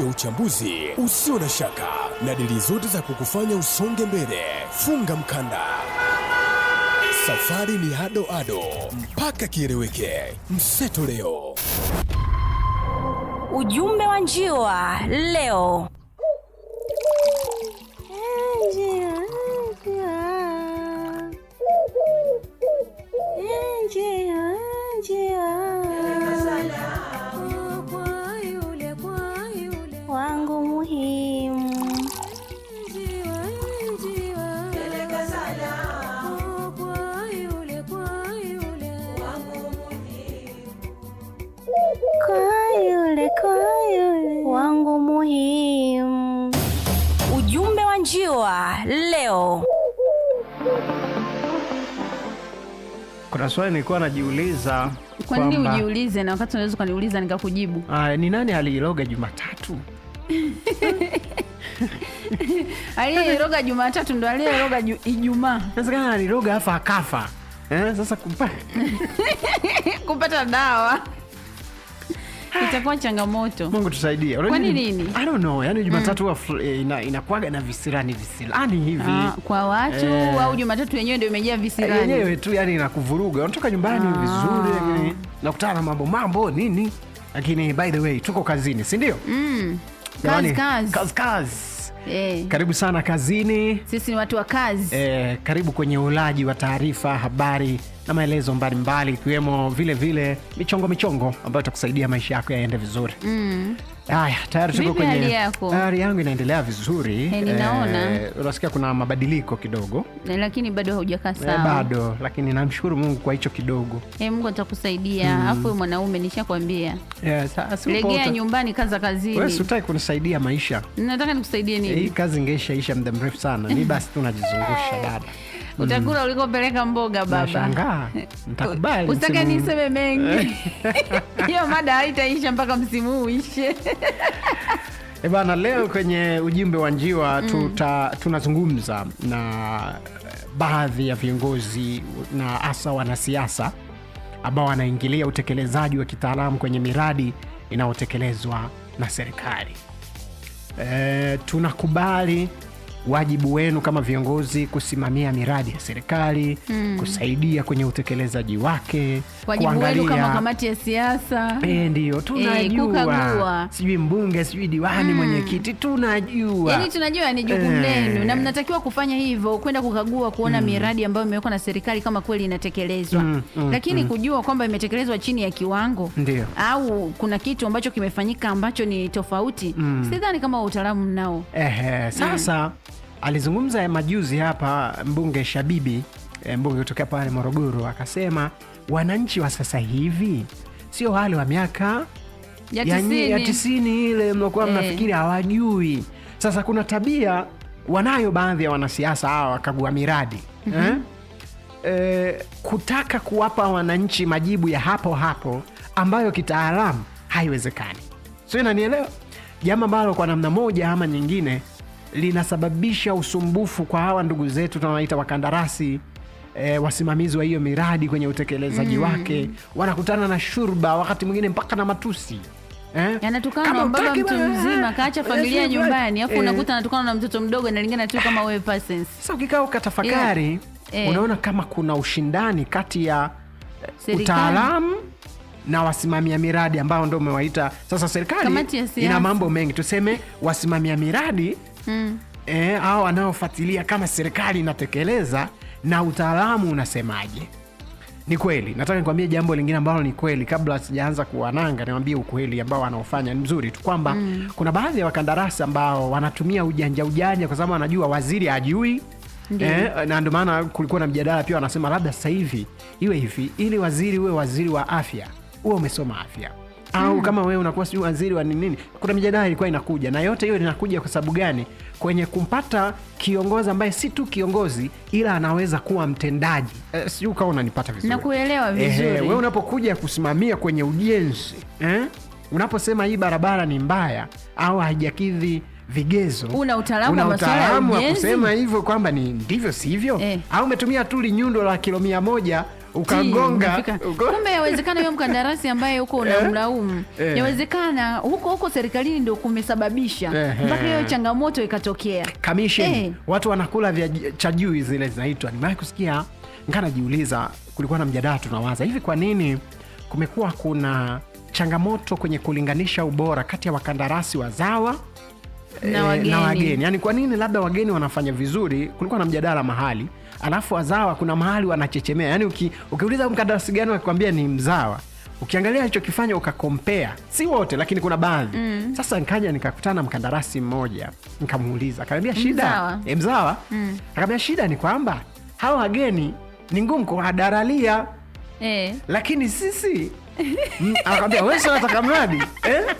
ajili ya uchambuzi usio na shaka na dili zote za kukufanya usonge mbele. Funga mkanda, safari ni ado ado mpaka kieleweke. Mseto leo, ujumbe wa njiwa leo wangu muhimu. Ujumbe wa njiwa leo. Kuna swali nilikuwa najiuliza. Kwa nini ujiulize na wakati unaweza ukaniuliza nikakujibu? Ah, ni nani aliiroga Jumatatu? Aliyeroga Jumatatu ndo aliyeroga Ijumaa. Sasa kana aliroga afa akafa. Eh, sasa kupata kupata dawa itakuwa changamoto. Mungu tusaidie. Kwa nini? I don't know. Yaani Jumatatu mm. Eh, ina, inakuwaga na visirani visirani yaani hivi ah, kwa watu eh, au Jumatatu yenyewe ndio imejaa visirani. Eh, yenyewe tu yani inakuvuruga. Unatoka nyumbani ah, vizuri nakutana na mambo mambo nini, lakini by the way tuko kazini, si ndio? mm. kazi, kazi. Kazi, kazi e. Karibu sana kazini, sisi ni watu wa kazi e. Karibu kwenye ulaji wa taarifa, habari na maelezo mbalimbali, ikiwemo vile vile michongo michongo ambayo itakusaidia maisha yako yaende vizuri mm. Haya, tayari tuko kwenye hali yangu inaendelea vizuri. Eh, ninaona. E, unasikia kuna mabadiliko kidogo. E, lakini bado haujakaa sawa. E, bado, lakini namshukuru Mungu kwa hicho kidogo. E, Mungu atakusaidia. Mm. Afu mwanaume nishakwambia. Yeah, sasa legea nyumbani kaza kazini. Wewe unataka kunisaidia maisha. Nataka nikusaidie nini? Hii e, kazi ingeisha isha muda mrefu sana. Mimi basi tu najizungusha dada utakula ulikopeleka mboga baba. Nitakubali. Usitake niseme mengi hiyo mada haitaisha mpaka msimu huu uishe. E bana, leo kwenye ujumbe wa njiwa mm. tuta, tunazungumza na baadhi ya viongozi na hasa wanasiasa ambao wanaingilia utekelezaji wa kitaalamu kwenye miradi inayotekelezwa na serikali. E, tunakubali wajibu wenu kama viongozi kusimamia miradi ya serikali mm. kusaidia kwenye utekelezaji wake, kuangalia kamati ya siasa e, ndio tunajua e, sijui mbunge sijui diwani mm. mwenyekiti tunajua, yani tunajua ni jukumu eh. lenu e. na mnatakiwa kufanya hivyo, kwenda kukagua kuona mm. miradi ambayo imewekwa na serikali kama kweli inatekelezwa mm, mm, lakini mm. kujua kwamba imetekelezwa chini ya kiwango ndio, au kuna kitu ambacho kimefanyika ambacho ni tofauti mm. sidhani kama utaalamu nao. Ehe, sasa mm alizungumza majuzi hapa mbunge Shabibi, eh, mbunge kutokea pale Morogoro, akasema wananchi wa sasa hivi sio wale wa miaka ya tisini, ya tisini ile mlokuwa eh. mnafikiri hawajui. Sasa kuna tabia wanayo baadhi ya wanasiasa hawa wakagua miradi mm -hmm. eh? Eh, kutaka kuwapa wananchi majibu ya hapo hapo ambayo kitaalamu haiwezekani, sio, nanielewa jambo ambalo kwa namna moja ama nyingine linasababisha usumbufu kwa hawa ndugu zetu tunawaita wakandarasi e, wasimamizi wa hiyo miradi kwenye utekelezaji mm. wake, wanakutana na shurba, wakati mwingine mpaka na matusi eh? Yanatukana na baba mtu mzima kaacha eh, familia nyumbani, eh. unakuta anatukana na mtoto mdogo, nalingana tu kama wewe pasens. Sasa ukikaa ukatafakari yeah. Eh. Unaona kama kuna ushindani kati ya utaalamu na wasimamia miradi ambao ndio umewaita sasa. Serikali ina mambo mengi, tuseme wasimamia miradi mm. E, eh, au anaofuatilia kama serikali inatekeleza na utaalamu unasemaje? Ni kweli, nataka nikwambie jambo lingine ambalo ni kweli, kabla sijaanza kuwananga, niwambie ukweli ambao wanaofanya ni mzuri tu, kwamba mm. kuna baadhi ya wakandarasi ambao wanatumia ujanja ujanja, kwa sababu wanajua waziri ajui Eh, na ndio maana kulikuwa na mjadala pia, wanasema labda sasa hivi iwe hivi, ili waziri uwe waziri wa afya, uwe umesoma afya au mm. kama wewe unakuwa sijui waziri wa nini, kuna mijadala ilikuwa inakuja, na yote hiyo inakuja kwa sababu gani? Kwenye kumpata kiongozi ambaye si tu kiongozi, ila anaweza kuwa mtendaji. Eh, sijui kama unanipata vizuri, nakuelewa vizuri. Eh, wewe unapokuja kusimamia kwenye ujenzi eh, unaposema hii barabara ni mbaya au haijakidhi vigezo una utaalamu wa kusema hivyo kwamba ni ndivyo sivyo, eh. au umetumia tu linyundo la kilo mia moja ukagonga kumbe, yawezekana hiyo mkandarasi ambaye huko eh? unamlaumu eh, yawezekana huko huko serikalini ndio kumesababisha eh, eh, mpaka hiyo changamoto ikatokea kamisheni eh. Watu wanakula vya chajui zile zinaitwa, nimewahi kusikia nkanajiuliza, kulikuwa na mjadala tunawaza hivi, kwa nini kumekuwa kuna changamoto kwenye kulinganisha ubora kati ya wakandarasi wazawa na wageni, eh, na wageni. Yani kwa nini labda wageni wanafanya vizuri? Kulikuwa na mjadala mahali alafu wazawa kuna mahali wanachechemea. Yani uki, ukiuliza mkandarasi gani wakikwambia ni mzawa ukiangalia alichokifanya ukakompea, si wote lakini kuna baadhi mm. Sasa nkaja nikakutana mkandarasi mmoja nkamuuliza, akaambia shida mzawa, e, mzawa. Mm. akaambia shida ni kwamba hawa wageni ni ngumu kuwadaralia e. Lakini sisi mm, akaambia wewe mradi eh?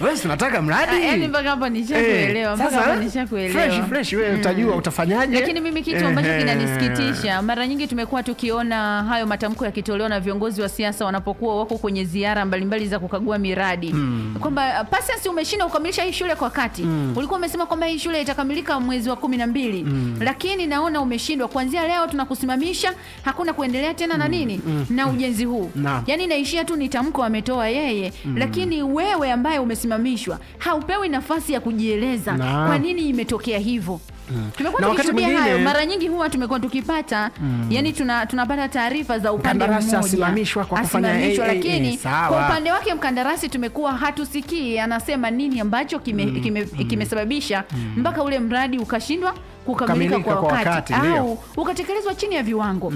wewe unataka mradi. Yaani mpaka hapa nishakuelewa, eh, mpaka hapa nishakuelewa. Fresh fresh wewe mm. utajua utafanyaje. Lakini mimi kitu ambacho kinanisikitisha, mara nyingi tumekuwa tukiona hayo matamko yakitolewa na viongozi wa siasa wanapokuwa wako kwenye ziara mbalimbali za kukagua miradi. Hmm. Kwamba uh, Pasiansi umeshinda kukamilisha hii shule kwa wakati. Hmm. Ulikuwa umesema kwamba hii shule itakamilika mwezi wa 12. Hmm. Lakini naona umeshindwa. Kuanzia leo tunakusimamisha, hakuna kuendelea tena na hmm. nini? Hmm. Na ujenzi huu. Yaani inaishia tu ni tamko ametoa yeye, hmm. Lakini wewe ambaye ume kusimamishwa, haupewi nafasi ya kujieleza na. Kwa nini imetokea hivyo? Hmm. Tumekuwa tukishuhudia hayo mara nyingi, huwa tumekuwa tukipata hmm. yani tuna, tunapata taarifa za upande mmoja asimamishwa kwa kufanya e, hey, lakini hey, eh, kwa upande wake mkandarasi tumekuwa hatusikii anasema nini ambacho kimesababisha kime, hmm. kime, hmm. kime hmm. mpaka ule mradi ukashindwa kukamilika kwa wakati, wakati au ukatekelezwa chini ya viwango.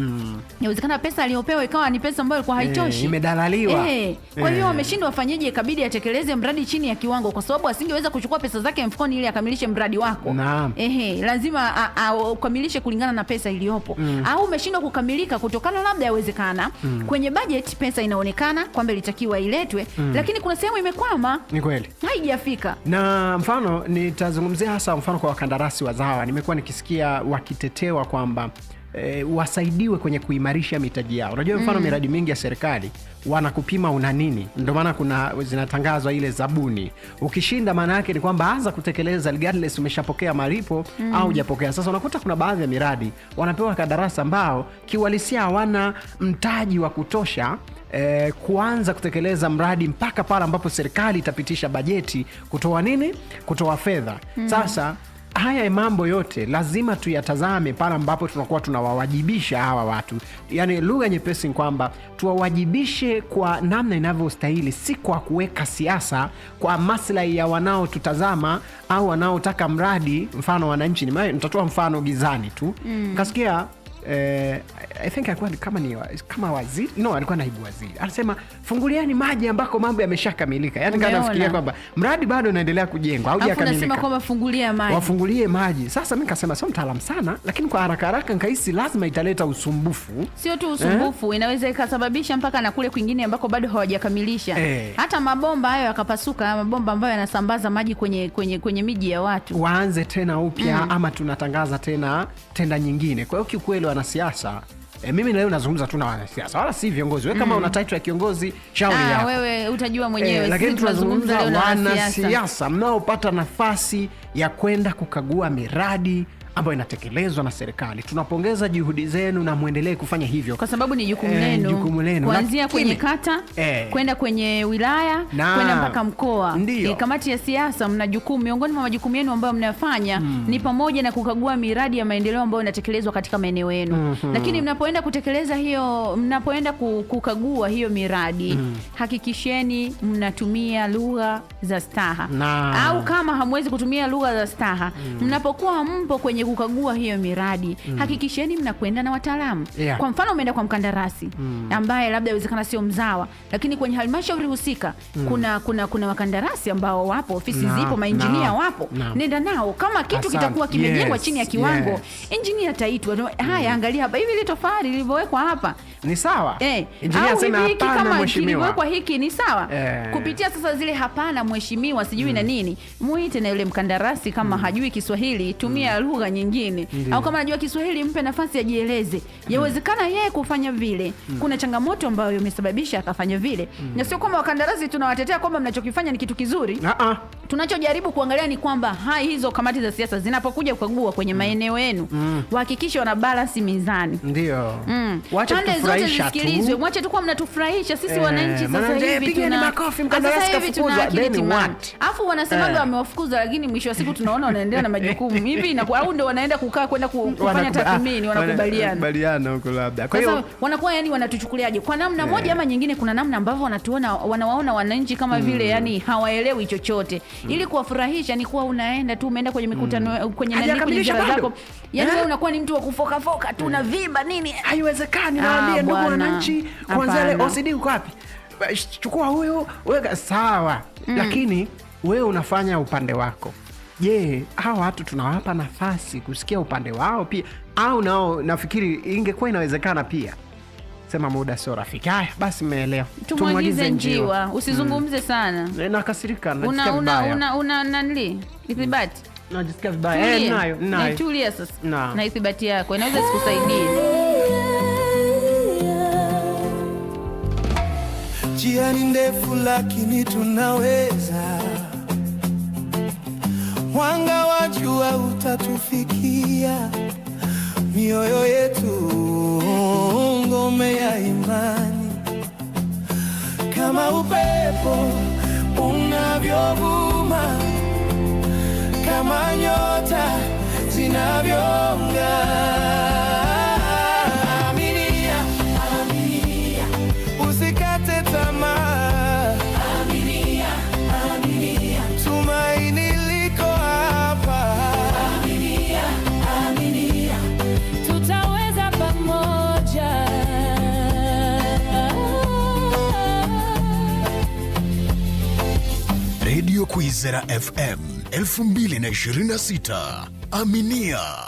Inawezekana mm. pesa aliyopewa ikawa ni pesa ambayo kwa haitoshi, eh, imedalaliwa e, e. Kwa hiyo e. Eh. wameshindwa wafanyeje, ikabidi atekeleze mradi chini ya kiwango, kwa sababu asingeweza kuchukua pesa zake mfukoni ili akamilishe mradi wako. Naam. Ehe, lazima ukamilishe kulingana na pesa iliyopo mm. au umeshindwa kukamilika kutokana labda yawezekana mm. kwenye bajeti pesa inaonekana kwamba ilitakiwa iletwe mm. lakini kuna sehemu imekwama, ni kweli haijafika. Na mfano nitazungumzia hasa mfano kwa wakandarasi wazawa, nimekuwa nikisikia wakitetewa kwamba E, wasaidiwe kwenye kuimarisha mitaji yao. Unajua mfano mm. miradi mingi ya serikali wanakupima una nini, ndio maana kuna zinatangazwa ile zabuni. Ukishinda maana yake ni kwamba anza kutekeleza regardless umeshapokea malipo mm. au hujapokea. Sasa unakuta kuna baadhi ya miradi wanapewa kadarasa ambao kiuhalisia hawana mtaji wa kutosha e, kuanza kutekeleza mradi mpaka pale ambapo serikali itapitisha bajeti kutoa nini, kutoa fedha mm. Sasa haya mambo yote lazima tuyatazame pale ambapo tunakuwa tunawawajibisha hawa watu, yani lugha nyepesi ni kwamba tuwawajibishe kwa namna inavyostahili, si kwa kuweka siasa kwa maslahi ya wanaotutazama au wanaotaka mradi. Mfano wananchi, nitatoa mfano gizani tu, mm. kasikia eh, I think alikuwa kama ni kama waziri no, alikuwa naibu waziri, anasema funguliani maji ambako mambo yameshakamilika. Yani kama nafikiria kwamba mradi bado unaendelea kujengwa au hajakamilika, kwamba fungulia maji, wafungulie maji. Sasa mimi nikasema sio mtaalamu sana, lakini kwa haraka haraka nikahisi lazima italeta usumbufu. Sio tu usumbufu eh, inaweza ikasababisha mpaka na kule kwingine ambako bado hawajakamilisha eh, hata mabomba hayo yakapasuka, mabomba ambayo yanasambaza maji kwenye, kwenye, kwenye miji ya watu, waanze tena upya mm, ama tunatangaza tena tenda nyingine. Kwa hiyo kiukweli wanasiasa E, mimi leo nazungumza tu na wanasiasa wala si viongozi. Wewe kama mm, una title ya kiongozi shauri ah, yako. Wewe utajua e, mwenyewe. E, lakini tunazungumza wanasiasa mnaopata nafasi ya kwenda kukagua miradi ambayo inatekelezwa na serikali. Tunapongeza juhudi zenu na mwendelee kufanya hivyo kwa sababu ni eh, jukumu lenu jukumu lenu kuanzia kwenye kata e, kwenda kwenye wilaya kwenda mpaka mkoa. E, kamati ya siasa mna jukumu, miongoni mwa majukumu yenu ambayo mnayofanya hmm, ni pamoja na kukagua miradi ya maendeleo ambayo inatekelezwa katika maeneo yenu mm -hmm. Lakini mnapoenda kutekeleza hiyo, mnapoenda kukagua hiyo miradi mm, hakikisheni mnatumia lugha za staha na, au kama hamwezi kutumia lugha za staha mm, mnapokuwa mpo kwenye kukagua hiyo miradi mm. Hakikisheni mnakwenda na wataalamu yeah. Kwa mfano umeenda kwa mkandarasi mm. ambaye labda inawezekana sio mzawa, lakini kwenye halmashauri husika mm. kuna, kuna, kuna wakandarasi ambao wapo, ofisi no, zipo, mainjinia no, wapo no. Nenda nao kama kitu Asante. kitakuwa kimejengwa yes, chini ya kiwango yes. Injinia ataitwa haya, mm. angalia hapa hivi litofari lilivyowekwa hapa ni sawa eh, kama kilivyowekwa hiki ni sawa eh. Kupitia sasa zile hapana mheshimiwa sijui mm. na nini muite na yule mkandarasi kama mm. hajui Kiswahili tumia mm. lugha nyingine Ndiyo. au kama anajua Kiswahili mpe nafasi ajieleze. Yawezekana yeye kufanya vile mm. kuna changamoto ambayo imesababisha akafanya vile mm. na sio kwamba wakandarasi tunawatetea kwamba mnachokifanya ni kitu kizuri. Ah, ah tunachojaribu kuangalia ni kwamba hai hizo kamati za siasa zinapokuja kukagua kwenye mm. maeneo yenu mm. wahakikishe wana balance mizani, ndio mm. pande zote zisikilizwe, mwache tu kuwa mnatufurahisha sisi eh, wananchi. Sasa hivi tuna makofi, mkandarasi kafukuzwa, then what? Afu wanasemaga eh. wamewafukuza, lakini mwisho wa siku tunaona wanaendelea na majukumu hivi na au ndio wanaenda kukaa kwenda kufanya tathmini, ah, wanakubaliana kubaliana huko labda. Kwa hiyo wanakuwa yani wanatuchukuliaje kwa namna eh. moja ama nyingine, kuna namna ambavyo wanatuona wanawaona wananchi kama mm. vile yani hawaelewi chochote. Hmm. ili kuwafurahisha ni kuwa unaenda tu umeenda kwenye mikutano mm. kwenye nani kwenye ziara zako, yani eh? wewe unakuwa ni mtu wa kufoka foka tu hmm. na vimba nini, haiwezekani. Naambia ah, ndugu wananchi, kwanza ile OCD uko wapi? Chukua huyu weka sawa, mm. lakini wewe unafanya upande wako. Je, hawa watu tunawapa nafasi kusikia upande wao pia, au nao? Nafikiri ingekuwa inawezekana pia sema muda sio rafiki. Haya basi, mmeelewa, tumwagize njiwa, usizungumze mm. sana. Eh, nakasirika, najisikia vibaya, una, una, nani ithibati, mm. vibaya eh, nayo nayo, tulia sasa na, na ithibati yako inaweza sikusaidie njia ni ndefu lakini tunaweza, mwanga wa jua utatufikia mioyo yetu ngome ya imani, kama upepo unavyovuma, kama nyota zinavyong'aa. Zera FM 2026. Aminia.